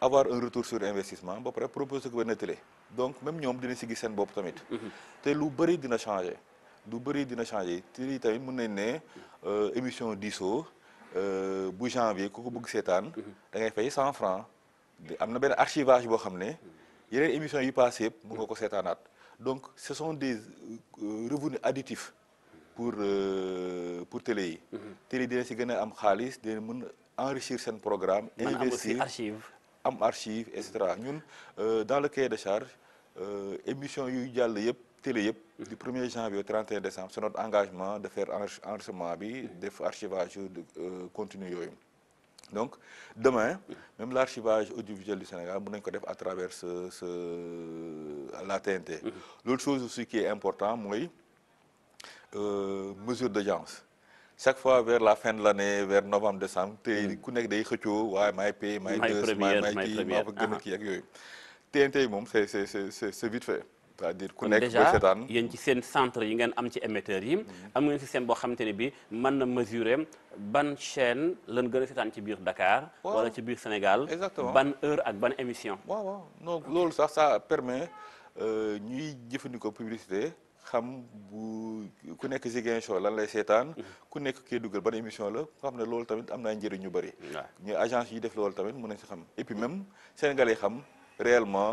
avoir un retour sur investissement ba pare proposer ko ben télé donc même ñom dina ci gis seen bopp tamit mhm. té lu bari dina changer du dina changé ci tamit mën nañ euh, émission diisoo euh, bu janvier ku ko bëgg seetaan da ngay fay cent franc am na benn archivage boo xam ne yeneen émission yi passé yëpp mën nga donc ce sont des euh, revenus additifs pour pour télé yi télé dina si gën a am xaalis dina mën enrichir son programme investir am archive et cetera ñun dans le cahier de charge émission yuy jàll yëpp du 1er janvier au 31 décembre c'est notre engagement de faire enregistrement bi def archivage euh, continu donc demain même l'archivage audiovisuel du Sénégal nous va le faire à travers ce la TNT l'autre chose aussi qui est important la euh, mesure d'audience chaque fois vers la fin de l'année vers novembre décembre te mm-hmm. ku day pay deux ak TNT c'est c'est c'est c'est vite fait cest à ku nekk ba seetaan yéen ci seen centre yi ngeen am ci émetteur yi. Mm-hmm. am ngeen seen boo xamante ne bi mën na mesurer ban chaîne lan gën a seetaan ci biir dakaar wala ci biir Sénégal. exactement ban heure ak ban émission. waaw waaw donc loolu sax ça permet euh, ñuy jëfandikoo publicité xam bu ku nekk Ziguinchor lan lay seetaan. Mm-hmm. ku nekk Kédougou ban émission la xam ne loolu tamit am naa njëriñ ñu bëri. ñu agence yi def loolu tamit mu nañ si xam et même Sénégal yi xam réellement.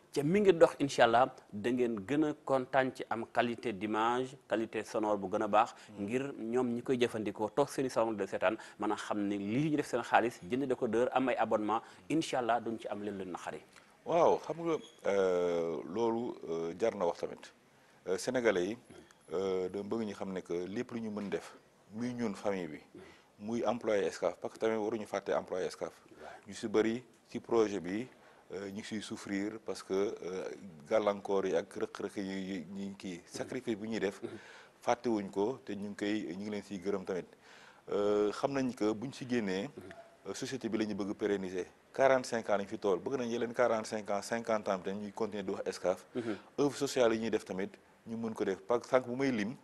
ca mi ngi dox incha allah da ngeen gën a kontaan ci am qualité d'image qualité sonore bu gën a baax ngir ñoom ñi koy jëfandikoo toog seen i salon de seetaan mën a xam ne lii ñu def seen xaalis jënd de ko dër am ay abonnement incha allah duñ ci am leen leen naqari waaw xam nga euh, loolu euh, jar na wax tamit euh, sénégalais yi dama bëgg ñu xam ne que lépp lu ñu mën def muy ñun famille bi muy employé Excaf parce que tamit waruñu fàtte employé Excaf ñu si bëri ci projet bi Euh, ñu ngi siy parce que euh, gàllankoor yi ak rëq-rëq yi ñu kii sacrifice bu ñuy def. Mm-hmm. fàttewuñ ko te ñu ngi koy ñu ngi leen siy gërëm tamit euh, xam nañ que buñ si génnee. Mm-hmm. société bi la ñu bëgg pérenniser. 45 ans lañ fi tool bëgg nañ yeneen 45 ans 50 ans dañ ñu continuer di wax Excaf. Mm-hmm. œuvre sociale yi ñuy def tamit ñu mën ko def parce que bu may lim.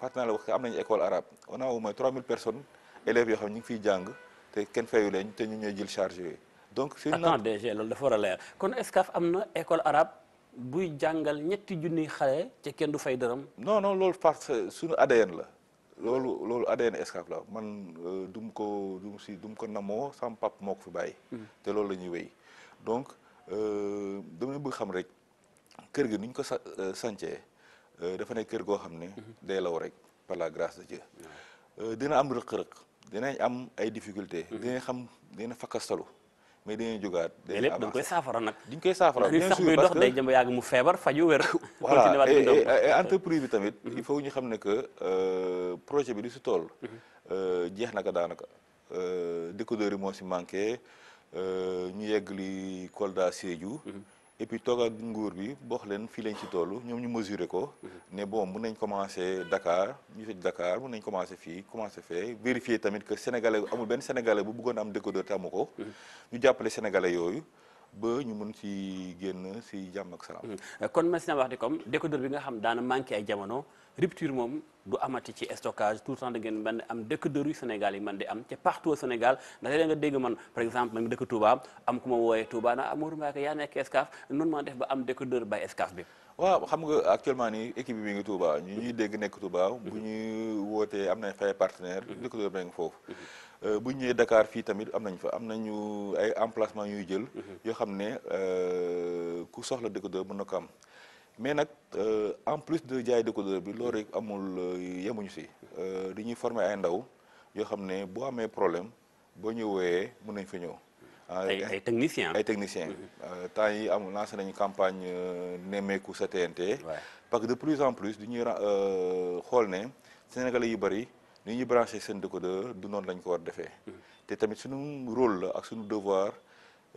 partenaire la wax que am nañu école arabe on a au moins 3000 personnes élèves yoo xam ñu ngi fiy jàng te kenn fayu leen te ñu ñooy jël charge yooyu. donc c'est une attends DG loolu dafa war a leer kon Excaf am na école arabe buy jàngal ñetti junniy xale ci kenn du fay dërëm. non non loolu parce suñu ADN la loolu loolu ADN Excaf la man euh, du mu ko du mu si du mu ko namoo sama pap moo ko fi bàyyi. Hmm. te loolu la ñuy wéy donc euh, dama bëgg xam rek kër gi ni ñu ko sa euh, sancee dafa nekk kër goo xam ne. Hmm. day law rek par la grâce de Dieu. dina am rëq-rëq dinañ am ay difficultés. Hmm. dinañ xam dina fakkastalu. mais dañuy jógaat mais lépp dañ koy saafara nag dañ koy saafara bien sûr parce que day jëm yàgg mu feebar faju weer voilà entreprise bi tamit il mhm. faut ñu xam ne que euh, projet bi di si tool mhm. euh, jeex na ka daanaka euh, décodeur yi moo si manqué ñu yegg li Kolda Sédhiou mhm. et puis toog ak nguur bi boo leen fii lañ ci toolu ñoom ñu mesurer ko. Mhm. ne boo mun nañ commencé dakaar ñu fi Dakar mun nañ commencé fii commencé fee vérifier tamit que sénégalais amul benn sénégalais bu bëggoon am décodeur te ko. Mhm. ñu jàppale sénégalais yooyu. ba ñu mun ci génn si jàmm ak salaam. Mhm. kon ma si na wax di comme décodeur bi nga xam daana manqué ay jamono. rupture moom du amati ci stockage tout le temps da ngeen mën am dëkk de rue Sénégal yi man di am ca partout au Sénégal ndax léeg-léeg nga dégg man par exemple man dëkk Touba am ku ma wooyee Touba na Amadou ah, Mbacké yaa nekk Excaf noonu maa def ba am dëkk de rue bay Excaf bi waaw xam nga actuellement nii équipe bi ngi Touba ñu ñuy dégg nekk Touba bu mhm. ñu wootee am nañ fay partenaire mhm. dëkk de rue foofu mhm. euh, bu ñëwee Dakar fii tamit am nañ fa am nañu ay emplacement ñuy jël yoo xam ne euh, ku soxla dëkk de mën na ko am mais nak euh, en plus de jaay de couleur bi lool rek amul yamuñu ci euh diñuy former ay ndaw yo xamné bo amé problème bo ñëwé mën nañ fa ñëw ay ay techniciens ay techniciens tay yi am lancé nañ campagne néméku sa TNT parce que de plus en plus diñuy euh xol né sénégalais yu bari ni ñuy brancher sen de couleur du non lañ ko war défé mhm. té tamit suñu rôle ak suñu devoir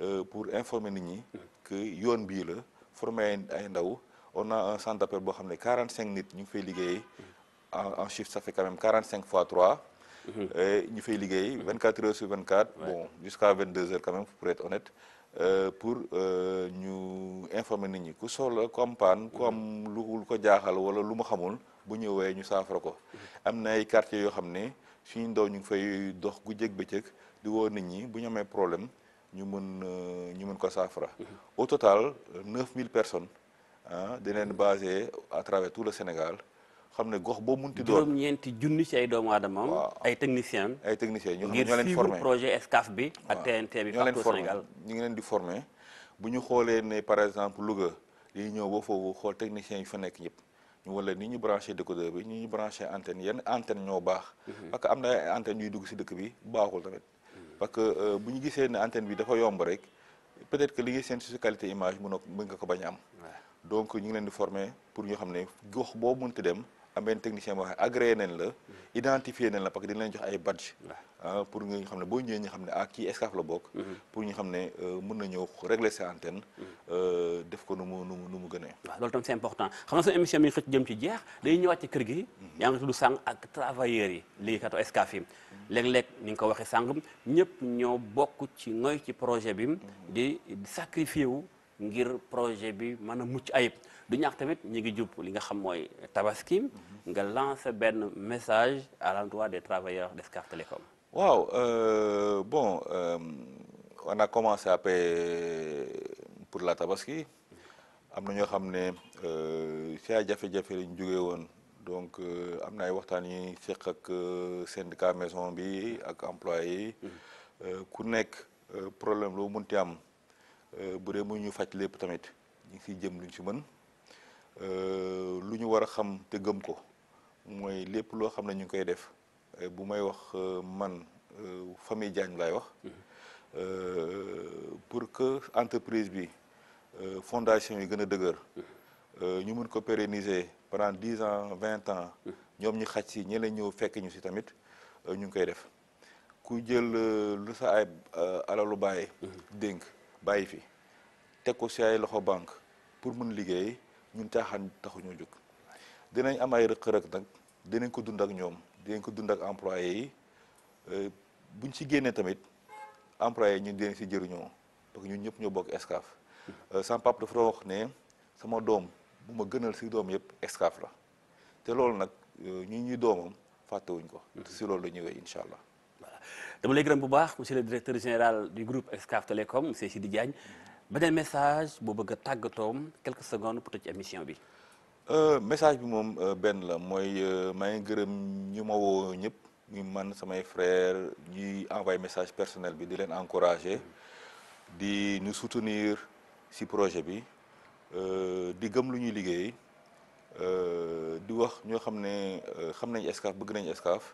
euh pour informer nit ñi que mhm. yoon bi la former ay ndaw on a un centre d'appel boo xam ne 45 nit ñu ngi fay liggéey en chiffre ça fait quand même 45 fois 3. Mm-hmm. ñu fay liggéey 24 heures sur 24. Ouais. bon jusqu'à 22 heures quand même pour être honnête. Euh, pour euh, ñu informer nit ñi ku soxla ku am paan ku am mm-hmm. lu ko jaaxal wala lu mu xamul bu ñëwee ñu saafara ko. Mm-hmm. am na ay quartiers yoo xam ne suñu ndaw ñu ngi fay dox guddeeg bëccëg di woo nit ñi bu ñu amee problème ñu mën euh, ñu mën ko saafara. au total mille personnes. ah di leen basé à travers tout le Sénégal xam ne gox boo munti doon juróom-ñeenti junni ci ay doomu adama ay techniciens ay techniciens ñoo xam ñoo leen formé projet Excaf bi ak ñu ngi leen di formé bu ñu xoolee ne par exemple Louga dañuy ñëw ba foofu xool techniciens yi fa nekk ñëpp ñu wala ni ñu branché décodeur bi ni ñu branché antenne yenn antenne ñoo baax mhm. parce que am na ay antennes yuy dugg si dëkk bi baaxul tamit mhm. parce que euh, bu ñu gisee ne antenne bi dafa yomb rek peut-être que li ngay seen si qualité image mun n nga ko bañ am donc ñu ngi leen di former pour ñu xam ne gox boo mënti dem am benn technicien boo xam ne agréé la mm-hmm. identifié nañ la parce que dina leen jox ay badge ah pour ñu xam ne boo ñëwee ñu xam ne ak ah, kii Excaf la bokk mm-hmm. pour ñu xam ne euh, mun na ñëw régler sa antenne mm-hmm. euh, def ko nu mu nu mu nu mu gënee waaw loolu tam c'est important xam na suñu émission mi ngi xëcc jëm ci jeex dañuy ñëwaat ci kër gi yaa ngi tudd sànq ak travailleurs yi liggéeykatu Excaf yi léeg-léeg ni nga ko waxee sànq ñëpp ñoo bokk ci ngoy ci projet bi di sacrifié wu ngir projet bi mën a mucc ayib du ñax tamit ñu ngi jub li nga xam mooy tabaski nga lancer benn message à l'endroit des travailleurs d'Escar Telecom. waaw euh, bon euh, on a commencé après euh, pour la tabaski am na ñoo xam ne si euh, ay jafe-jafe lañ jógee woon donc euh, am na ay waxtaan yi seq ak syndicat maison bi ak employé yi mm-hmm. ku nekk problème loo munti am. Euh, bu dee mu ñu faj lépp tamit ñu ngi siy jëm lu ñu si mën euh, lu ñu war a xam te gëm ko mooy lépp loo xam ne ñu ngi koy def euh, bu may wax man famille Diagne laay wax mhm. pour que entreprise bi fondation yi gën a dëgër mhm. ñu mën ko pérenniser pendant dix ans vingt ans mhm. ñoom ñu xaj si ñeneen ñëw fekk ñu si tamit ñu ngi koy def ku jël lu sa ay alalu bàyyi dénk bàyyi fi teg ko si ay loxo banque pour mun liggéey ñun caaxaan taxuñoo jóg dinañ am ay rëq-rëq nag dinañ ko dund ak ñoom dinañ ko dund ak employé yi euh, buñ si génnee tamit employé yi ñun dinañ si jëriñoo parce que ñun ñëpp ñoo bokk Excaf mm-hmm. euh, sama dafa dafa wax ne sama doom bu ma gënal si doom yëpp Excaf la te loolu nag euh, ñu ñuy doomam fàttewuñ ko mm-hmm. si loolu la ñuy wéy incha allah dama lay gërëm bu baax monsieur le directeur général du groupe Escaf Telecom, monsieur Sidi Diagne beneen message boo bëgg a quelques secondes pour toute émission bi. Euh, message bi mom euh, ben la moy euh, may ngi gërëm ñu ma ñëpp ñu man samay frère ñuy envoyer message personnel bi di len encourager di nous soutenir ci projet bi di gëm lu ñuy liggéey di wax ñoo xamné ne xam nañ bëgg nañ Excaf.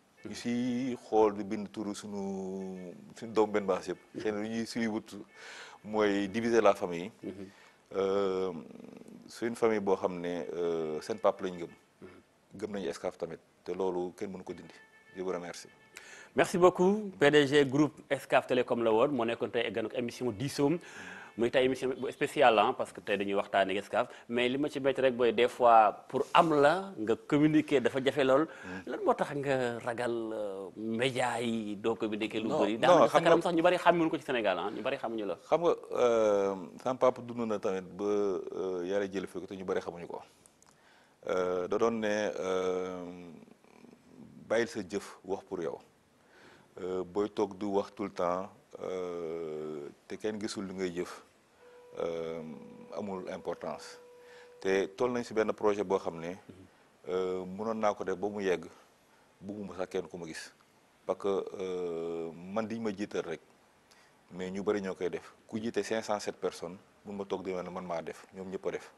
ñu si xool di bind turu sunu suñu doom benn baax yëpp. Mhm. xëy na lu wut moy diviser la famille. Mhm. euh suñu famille bo xam euh seen pap lañu gëm. Mhm. gëm nañu Excaf tamit te lolu kenn mënu ko dindi je vous remercie. merci beaucoup PDG groupe Excaf Télécom la woon mo nekkoon tay gan ak émission 10 muy tay émission spéciale hein parce que tay dañuy waxtane gescaf mais lima ci met rek boy des fois pour am la nga communiquer dafa jafé lol hmm. lan motax nga ragal euh, média yi do communiquer lu bari da nga xam sax ñu bari xamuñ ko ci Sénégal hein ñu bari xamuñu la xam nga euh sama papa dund na tamit ba euh, yaré jël fi ko te ñu bari xamuñu ko euh da doon né euh bayil sa jëf wax pour yow euh boy tok temps euh, te kenn gisul li ngay jëf euh, amul importance te toll nañ si benn projet boo xam ne euh, mënoon naa ko def ba mu yegg bugguma sax kenn ku ma gis parce que euh, man diñ ma jiital rek mais ñu bari ñoo koy def ku jiite cinq 507 personnes mun ma toog di ne man maa def ñoom ñëpp a def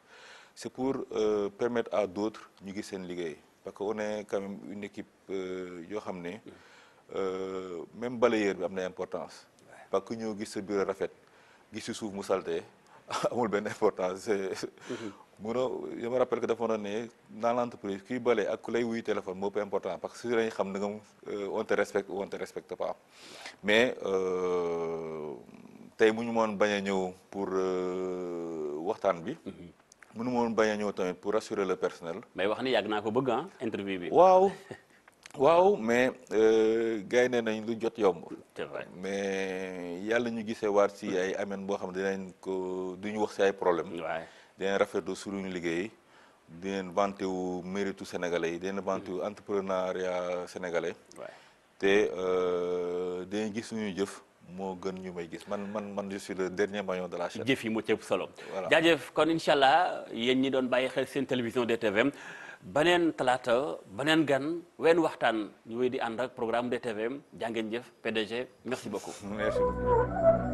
c'est pour permettre à d'autres ñu gis seen liggéey parce que on est quand même une équipe yoo xam ne même balayeur bi am na importance parce ku ñëw gis sa biir rafet gis si suuf mu salte amul benn importance munoo je me rappelle que dafa waroon ne dans l' entreprise kuy bale ak ku lay wuyu téléphone moo peu important parce que su lañu xam ne nga euh, on te respecte ou on te respecte pas mais euh, tey mu ñu moon bañ a ñëw pour euh, waxtaan bi mhm. mënu moon bañ a ñëw tamit pour rassurer le personnel mais wax ni yàgg naa ko bëgg ah interview bi waaw waaw mais euh, gars yi nañ lu jot yomb. c'est vrai mais yàlla ñu gisee waat si ay ameen boo xam ne dinañ ko duñu wax si ay problème waay dinañ rafetlu suñu liggéey. dinañ vanté wu méritu sénégalais yi dinañ vanté wu mm-hmm. entrepreneuriat sénégalais. te euh, dinañ gis suñu jëf. moo gën ñu may gis man man man je suis le dernier maillon de la chaîne. jëf yi mu ceeb solo. voilà jaajëf kon incha yen ñi doon bàyyi xel seen télévision DTVM. beneen talaata beneen gan ween waxtaan ñu wéy di ànd ak programme DTV jàngeen jëf PDG merci beaucoup. merci